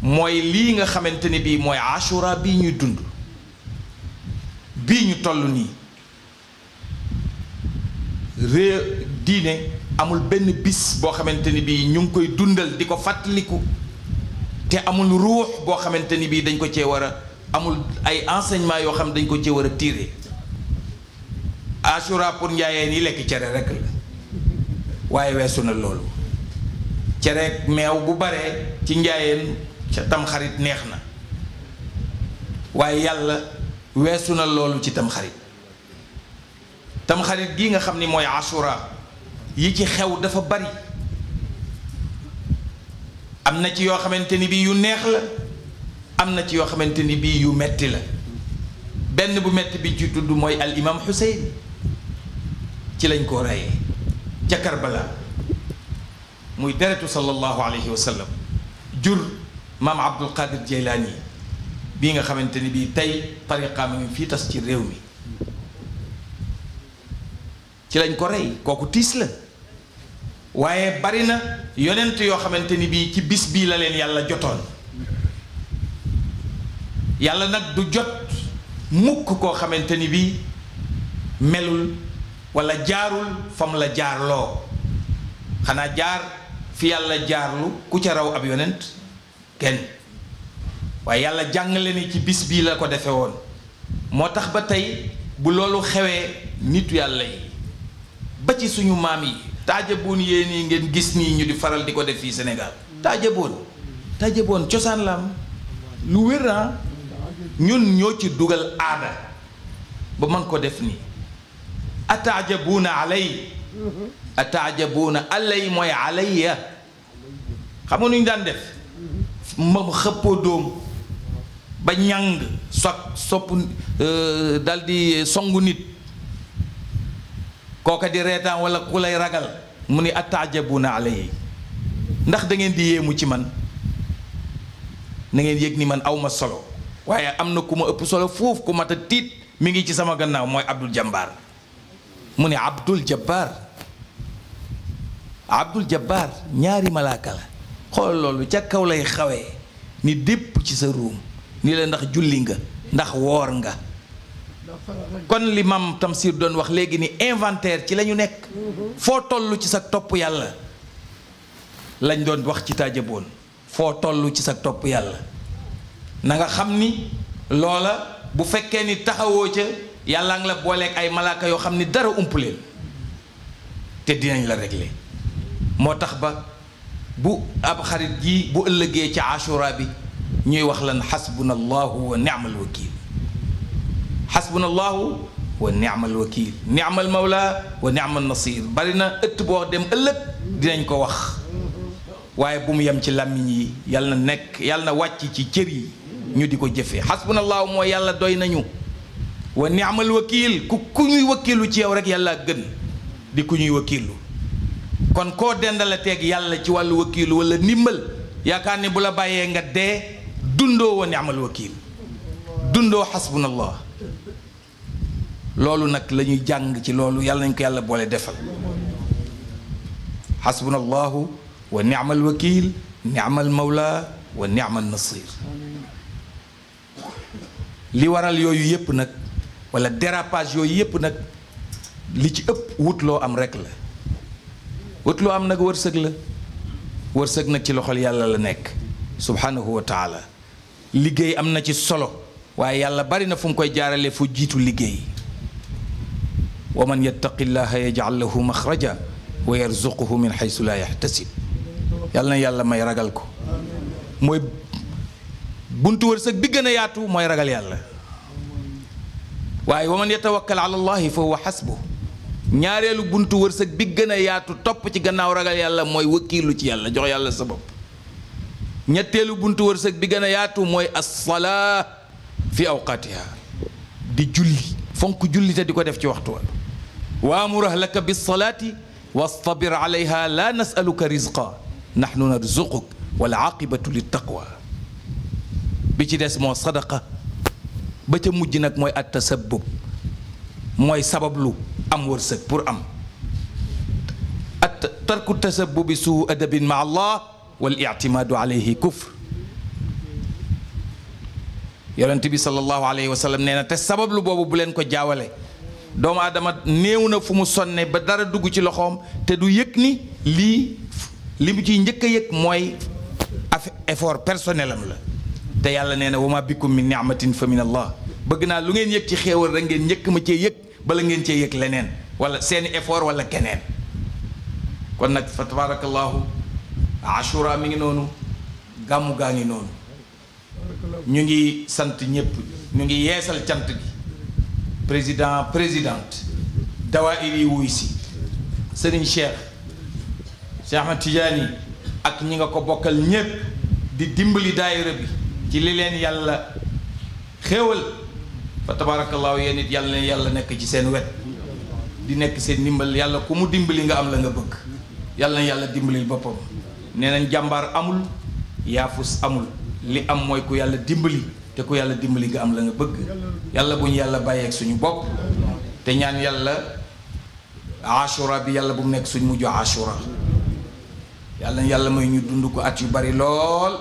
mooy lii nga xamante ni bii mooy ashura bii ñuy dund bii ñu toll nii réew diine amul benn bis boo xamante ni bii ñu ngi koy dundal di ko fàttaliku te amul ruux boo xamante ni bii dañ ko cee war a amul ay enseignement yoo xam dañ ko cee war a tiire Ashura pour njaayeen yi lekk cere rek la waaye weesu na loolu cere meew bu bare ci njaayeen ca tamxarit neex na waaye yàlla weesu na loolu ci tamxarit tamxarit gii nga xam ni mooy asura yi ci xew dafa bari am na ci yoo xamante ni bii yu neex la am na ci yoo xamante ni bii yu metti la benn bu metti bi ci dudd mooy al imam ci lañ ko reyee ca Karbala muy deretu sallallahu alayhi wa sallam jur maam Abdul Qadir Jeylaani bii nga xamante ni bii tey tariqaam mi fii tas ci réew mi ci lañ ko rey kooku tiis la waaye bari na yonent yoo xamante ni bii ci bis bii la leen yàlla jotoon yàlla nag du jot mukk koo xamante ni bii melul wala jaarul fam la jaarloo xanaa jaar fi yàlla jaarlu ku ca raw ab yonent kenn waaye yàlla jàngale ni ci bis bii la ko defe woon moo tax ba tey bu loolu xewee nitu yàlla yi ba ci suñu maam yi taajaboon yéen yi ngeen gis nii ñu di faral di ko def fii Sénégal taajaboon taajaboon cosaan la am lu wér ah ñun ñoo ci dugal aada ba man ko def nii ataajabuuna alay ataajabuuna alay mooy alayya xam nga nu ñu daan def moom xëppoo doom ba ñàng so sopp euh, dal di songu nit kooka di reetaan wala ku lay ragal mu ni at attaajabuna yi ndax da ngeen di yéemu ci man na ngeen yëg ni man awma solo waaye am na ku ma ëpp solo foofu ku mat a tiit mi ngi ci sama gannaaw mooy abdul jàmbaar mu ne abdul jabbaar abdul jabbaar ñaari malaaka la xool loolu ca kaw lay xawe ni dépp ci sa ruum ni la ndax julli nga ndax woor nga kon li maam Tamsir doon wax léegi ni inventaire ci la ñu nekk foo tollu ci sa topp yàlla lañ doon wax ci taajaboon foo tollu ci sa topp yàlla na nga xam ni loola bu fekkee ni taxawoo ca yàllaa ngi la booleeg ay malaaka yoo xam ni dara ump leen te dinañ la regle moo tax ba bu ab xarit ji bu ëllëgee ci ashura bi ñuy wax lan xasbuna allahu wa ni'mal wakiil xasbuna allahu wa niamal wakiil niamal mawla wa niamal nasir bari na ëtt boo dem ëllëg dinañ ko wax waaye bu mu yem ci làmmiñ yi yàlla na nekk yàlla na wàcc ci cër yi ñu di ko jëfe jëfee na allahu moo yàlla doy nañu wa niamal wakiil ku ku ñuy wakiilu ci yow rek yàlla gën di ku ñuy wakiilu kon koo dendale teg yàlla ci wàllu wakiilu wala ndimbal yaakaar ni bu la bàyyee nga dee dundoo wa niamal wakiil dundoo xasbuna allah loolu nag la ñuy jàng ci loolu yàlla nañ ko yàlla boole defal xasbuna allahu wa niamal wakil niamal mawla wa niamal nasir li waral yooyu yépp nag walla dérapage yooyu yépp nag li ci ëpp wut loo am rekk la wut loo am nag wërsëg la wërsëg nag ci loxol yàlla la nekk subhanahu wa taala liggéey am na ci solo waaye yàlla bari na fu mu koy jaaralee fu jiitu liggéey wa man yattaqi llaha yaj'al lahu maxraja wa yarzuquhu min xaysu laa yaxtasib yàlla na yàlla may ragal ko mooy buntu wërsëg bi gën a yaatu mooy ragal yàlla waaye wa man yatawakkal ala allahi fa huwa xasbu ñaareelu buntu wërsëg bi gën a yaatu topp ci gannaaw ragal yàlla mooy wakkiilu ci yàlla jox yàlla sa bopp ñetteelu buntu wërsëg bi gën a yaatu mooy assalaa fi awqaatiha di julli fonk julli te di ko def ci waxtu wa waamur ahlaka bilsalaati wastabir alayha la nasaluka rizqa nahnu narzuquk walaqibatu littaqwa bi ci des moo sadaqa ba ca mujj nag mooy at tasabbub mooy sabablu am wërsëg pour am at tarku tasabbubi suu adabin ma allah wal ictimaadu alayhi kufr yonent bi sallallahu alayhi wa sallam nee na te sabablu boobu bu leen ko jaawale doomu aadama néew na fu mu sonne ba dara dugg ci loxoom te du yëg ni lii li mu ciy njëkk a yëg mooy af effort personnel am la te yàlla nee na wa ma bikum min ni'matin fa min allah bëgg naa lu ngeen yëg ci xéewal rek ngeen njëkk ma cee yëg bala ngeen cee yëg leneen wala seeni effort wala keneen kon nag fa tabarakallahu ashura mi ngi noonu gàmmu gaa ngi noonu ñu ngi sant ñëpp ñu ngi yeesal cant bi président présidente dawaayir yi wuy si sëriñ Cheikh Cheikh ak ñi nga ko bokkal ñépp di dimbali daayira bi ci li leen yàlla xéewal fa tabaarakallaahu yéen it yàlla yàlla nekk ci seen wet di nekk seen ndimbal yàlla ku mu dimbali nga am la nga bëgg yàlla na yàlla dimbali boppam nee nañ jàmbaar amul yaafus amul li am mooy ku yàlla dimbali te ku yàlla dimbali nga am la nga bëgg yàlla bu ñu yàlla bàyyeeg suñu bopp te ñaan yàlla ashura bi yàlla bu mu nekk suñ mujj ashura yàlla yàlla may ñu dund ko at yu bari lool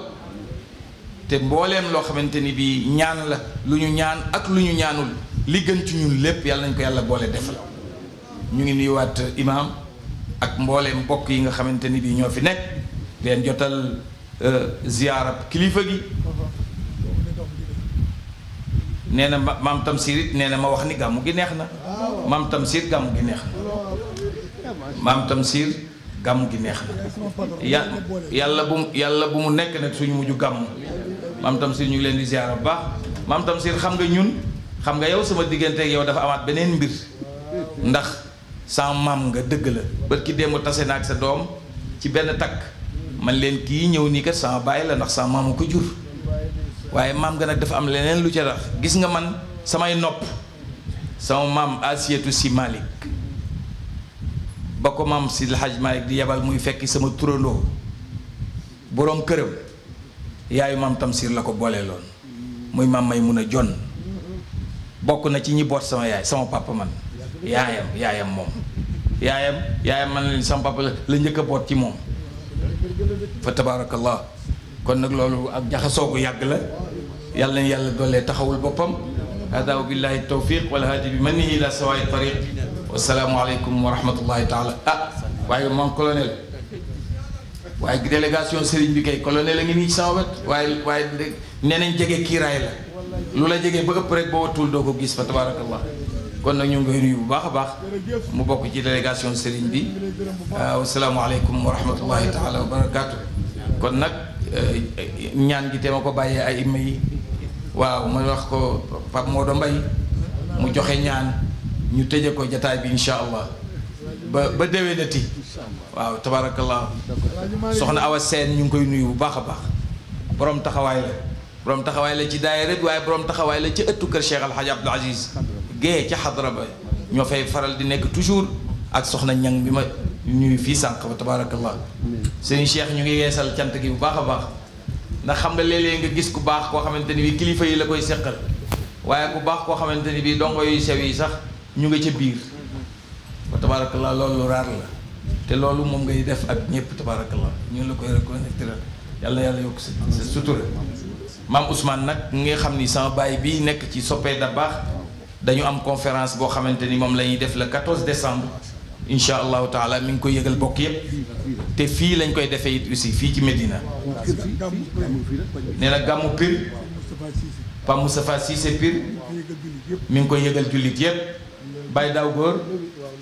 te mbooleem loo xamante ni bii ñaan la lu ñu ñaan ak lu ñu ñaanul li gën ci ñun lépp yàlla nañ ko yàlla boole defal ñu ngi nuyuwaat imaam ak mbooleem mbokk yi nga xamante ni bii ñoo fi nekk leen jotal euh, ziyaarab kilifa gi nee na maam Tamsir it nee na ma wax ni gàmmu gi neex na maam Tamsir gàmmu gi neex na maam Tamsir gàmmu gi neex yàlla bu mu yàlla bu mu nekk nag suñu mujju gàmmu maam Tamsir ñu ngi leen di ziar ba baax maam Tamsir xam nga ñun xam nga yow sama diggante ak yow dafa amaat beneen mbir ndax sa maam nga dëgg la bët ki mu tase na ak sa doom ci benn takk man leen kii ñëw nii kat sama bàyyi la ndax sa maamu ko jur. waaye maam nga nag dafa am leneen lu ca gis nga man samay nopp sama maam Asiyatu si Malick ba ko maam si Alxaj Malick di yebal muy fekk sama turandoo boroom këram yaayu maam Tamsir la ko booleeloon muy maam may mun a jon bokk na ci ñi boot sama yaay sama papa man yaayam yaayam moom yaayam yaayam man sama papa la njëkk a boot ci moom fa tabaarakallah kon nag loolu ak jaxasoo gu yàgg la yàlla na yàlla doole taxawul boppam hada billahi tawfiq wala haadi bi man ila sawaay tariq wasalaamu aleykum wa rahmatullahi taala ah waaye moom colonel waaye délégation sëriñ bi kay colonel a ngi nii ci waaye waaye nee nañ jege kiiraay la lu la jege ba ëpp rek boo wattul doo ko gis fa tabaarakallah kon nag ñu ngi koy nuyu bu baax a baax mu bokk ci délégation sëriñ bi ah, wasalaamu aleykum wa rahmatullahi taala wa barakaatu kon nag ñaan gi te ma ko bàyyee ay imme yi waaw ma wax ko Pape Modou Mbaye mu joxe ñaan ñu tëje ko jataay bi insha allah ba ba déwénati waaw tabarakallah soxna aw a Seen ñu ngi koy nuyu bu baax a baax boroom taxawaay la borom taxawaay la ci daayira bi waaye borom taxawaay la ci ëttu kër Cheikh Alhaji Abdou Aziz Guèye ca xadra ba ñoo fay faral di nekk toujours ak soxna ñang bi ma ñu ñuy fii sànq fa tabaarakallah sëñ Cheikh ñu ngi yeesal cant gi bu baax a baax ndax xam nga léeg-léeg nga gis ku baax koo xamante ni bii kilifa yi la koy seqal waaye ku baax koo xamante ni bii dongo yu sew yi sax ñu nga ca biir fa tabaarakallah loolu lu raar la te loolu moom ngay def ak ñëpp tabaarakallah ñu la koy reconnecté yàlla yàlla yokk sa sa sutura maam Ousmane nag nga xam ni sama baay bii nekk ci soppe da baax dañu am conférence boo xamante ni moom la ñuy def le 14 décembre incha allahu taala mi ngi koy yëgal bokk yëpp te fii lañ koy defee it aussi fii ci Medina nee na gàmmu Pire Pape Moustapha Cissé Pire mi ngi koy yëgal jullit yëpp Baye daaw Góor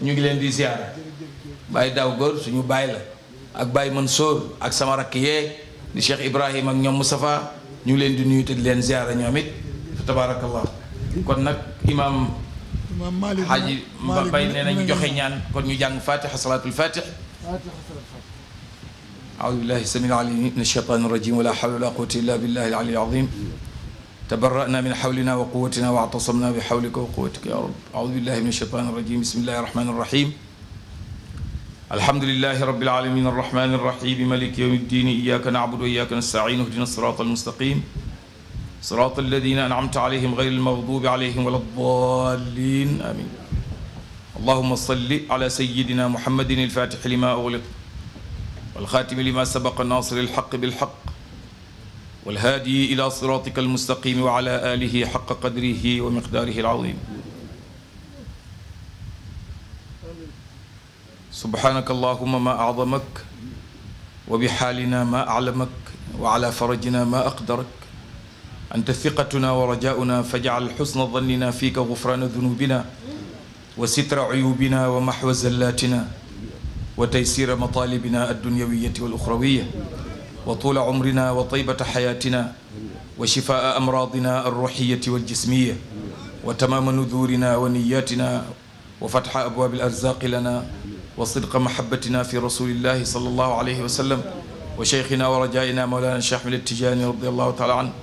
ñu ngi leen di ziara Baye daaw Góor suñu baay la ak Baye Mansour ak sama rakk yeeg di Cheikh Ibrahima ak ñoom Moustapha ñu ngi leen di nuyu te leen ziara ñoom it tabaarakallah kon nag imaam. imaam Malick xaaji Mbay nee nañu joxe ñaan kon ñu jàng fatiha salaatul fatih أعوذ بالله السميع العليم من الشيطان الرجيم ولا حول ولا قوة إلا بالله العلي العظيم تبرأنا من حولنا وقوتنا واعتصمنا بحولك وقوتك يا رب أعوذ بالله من الشيطان الرجيم بسم الله الرحمن الرحيم الحمد لله رب العالمين الرحمن الرحيم ملك يوم الدين إياك نعبد وإياك نستعين اهدنا الصراط المستقيم صراط الذين أنعمت عليهم غير المغضوب عليهم ولا الضالين آمين اللهم صل على سيدنا محمد الفاتح لما أغلق والخاتم لما سبق ناصر الحق بالحق والهادي إلى صراطك المستقيم وعلى آله حق قدره ومقداره العظيم سبحانك اللهم ما أعظمك وبحالنا ما أعلمك وعلى فرجنا ما أقدرك anta thiqatuna wa rajauna faj'al husna dhannina fika ghufrana dhunubina wa sitra uyubina wa mahwa zallatina wa taysira matalibina ad-dunyawiyati wal ukhrawiyya wa tula umrina wa taybata hayatina wa shifaa amradina ar-ruhiyyati wal jismiyya wa tamama nudurina wa niyyatina wa fatha abwaab al-arzaqi lana wa sidqa mahabbatina fi rasulillahi sallallahu alayhi wa sallam wa shaykhina wa rajaina mawlana Cheikh Ahmed Tidiane radiyallahu ta'ala anhu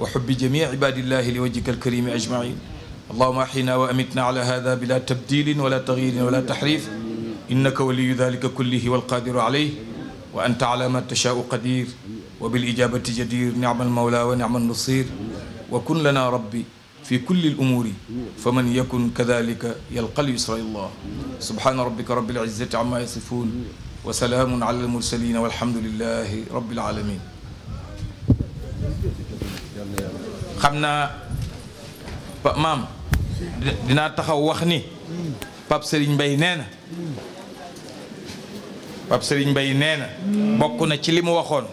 wa xubbi jamii ibadillahi li wajhika alkarimi ajmain allahuma axina wa amitna ala hada bila tabdilin wala taxyirin wala taxrif innaka waliyu dalika kullihi walqadiru alayh wa anta ala ma tashaau qadir wa bilijabati jadir nicma almawla wa nicma alnasir wa kun lana rabbi fi kulli alumuuri fa man yakun kadalika yalqa lyusra illah subhana rabbika rabbil izzati amma yasifun wa salaamun ala almursalin walhamdulilahi rabbil alamin xam naa pa maam dinaa taxaw wax ni Pape Serigne Mbaye nee na Pape Serigne nee na bokk na ci li mu waxoon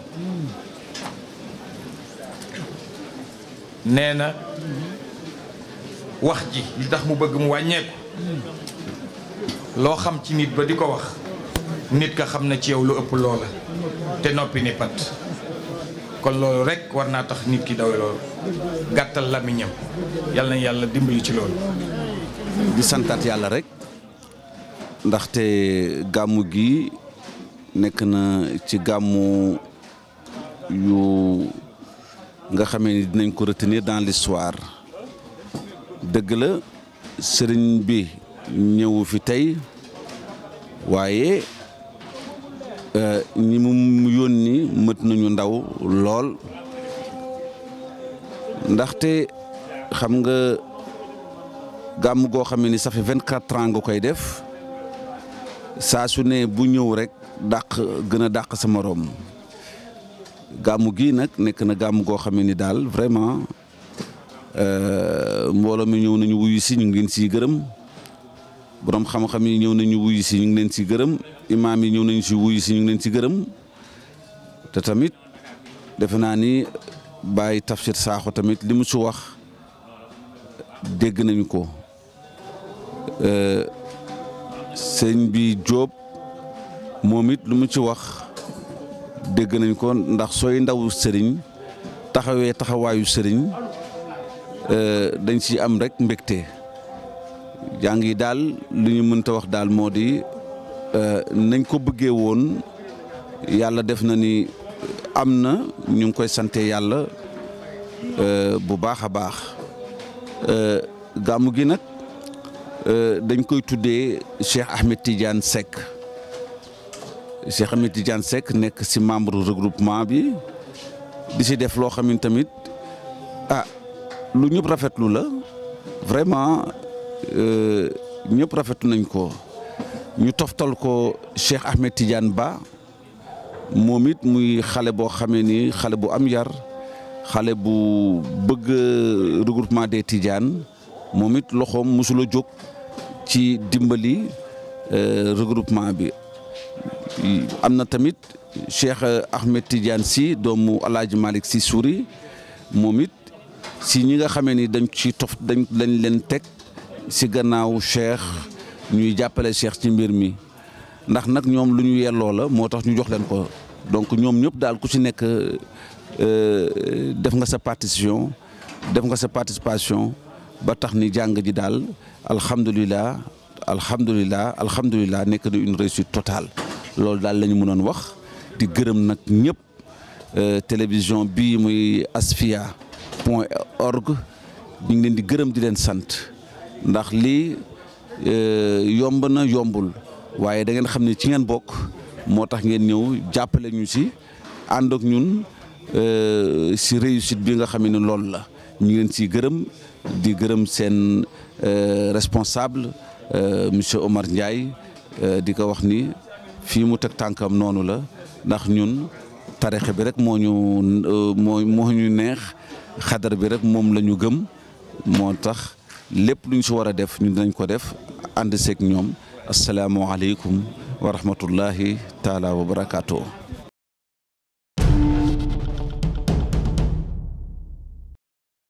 nee na wax ji li tax mu bëgg mu wàññeeku loo xam ci nit ba di ko wax nit ka xam na ci yow lu ëpp loola te noppi ni pat kon loolu rek war naa tax nit ki dawe loolu gàttal làmmiñam yàlla na yàlla dimbali ci loolu di santaat yàlla rek ndaxte gàmmu gi nekk na ci gàmmu yu nga xame ni dinañ ko retenir dans l'histoire dëgg la sëriñ bi ñëwu fi tey waaye ñi euh, mu yónni mët nañu ndaw lool ndaxte xam nga gàmm goo xam ne ni ça fait vingt quatre ans nga koy def saa su ne bu ñëw rek dàq gën a dàq sa moroom gàmm gii nag nekk na gàmm goo xam ne ni daal vraiment euh, mbooloo mi ñëw nañu wuyu si ñu ngi si gërëm. borom xam-xam yi ñëw nañu wuyu si ñu ngi leen si gërëm imaam yi ñëw nañu si wuyu si ñu ngi leen si gërëm te tamit defe naa ni bàyyi tafsir saaxo tamit li mu si wax dégg nañu ko euh, sëñ bi Jóob moom it lu mu ci wax dégg nañ ko ndax sooy ndaw sëriñ taxawee taxawaayu sëriñ euh, dañ si am rek mbégte jàng yi daal lu ñu mënta wax daal moo di euh, nañ ko bëggee woon yàlla def na ni am na ñu ngi koy sante yàlla euh, bu baax a baax euh, gàmmu gi nag dañ koy tuddee Cheikh Ahmed Tidiane Seck Cheikh Ahmed nekk ci membre regroupement bi di si def loo xam ne tamit ah lu ñëpp rafetlu la vraiment Euh, ñëpp rafetu nañ ko ñu toftal ko Cheikh Ahmed Tidiane Ba moom it muy xale boo xamee ni xale bu am yar xale bu bëgg regroupement des Tidianes moom it loxoom mosula jóg ci dimbali euh, regroupement bi am na tamit Cheikh Ahmed Tidiane si doomu El Hadj Malick si Souri moom it si ñi nga xamee ni dañ ci tof dañ dañ leen teg si gannaaw Cheikh ñuy jàppale Cheikh ci mbir mi ndax nag ñoom lu ñu yelloo la moo tax ñu jox leen ko donc ñoom ñëpp daal ku ci nekk euh, def nga sa partition def nga sa participation ba tax ni jàng ji daal alhamdulilah alhamdulilah alhamdulilah nekk na une réussite totale loolu daal lañu ñu mënoon wax di gërëm nag ñëpp euh, télévision bii muy asfia point org ñu ngi leen di gërëm di leen sant ndax lii euh, yomb na yombul waaye dangeen xam ne ci ngeen bokk moo tax ngeen ñëw jàppale ñu si ànd ak ñun si euh, réussite bi nga xam ne loolu la ñu ngeen siy gërëm di gërëm seen euh, responsable monsieur Omar njaay di ko wax ni fi mu teg tànkam noonu la ndax ñun tarixe bi rek moo ñu moo neex xadar bi rek moom la ñu gëm moo tax lépp lu ñu si war a def ñun dinañ ko def ànd seeg ñoom asalaamualeykum wa rahmatullahi taala wa barakaatu.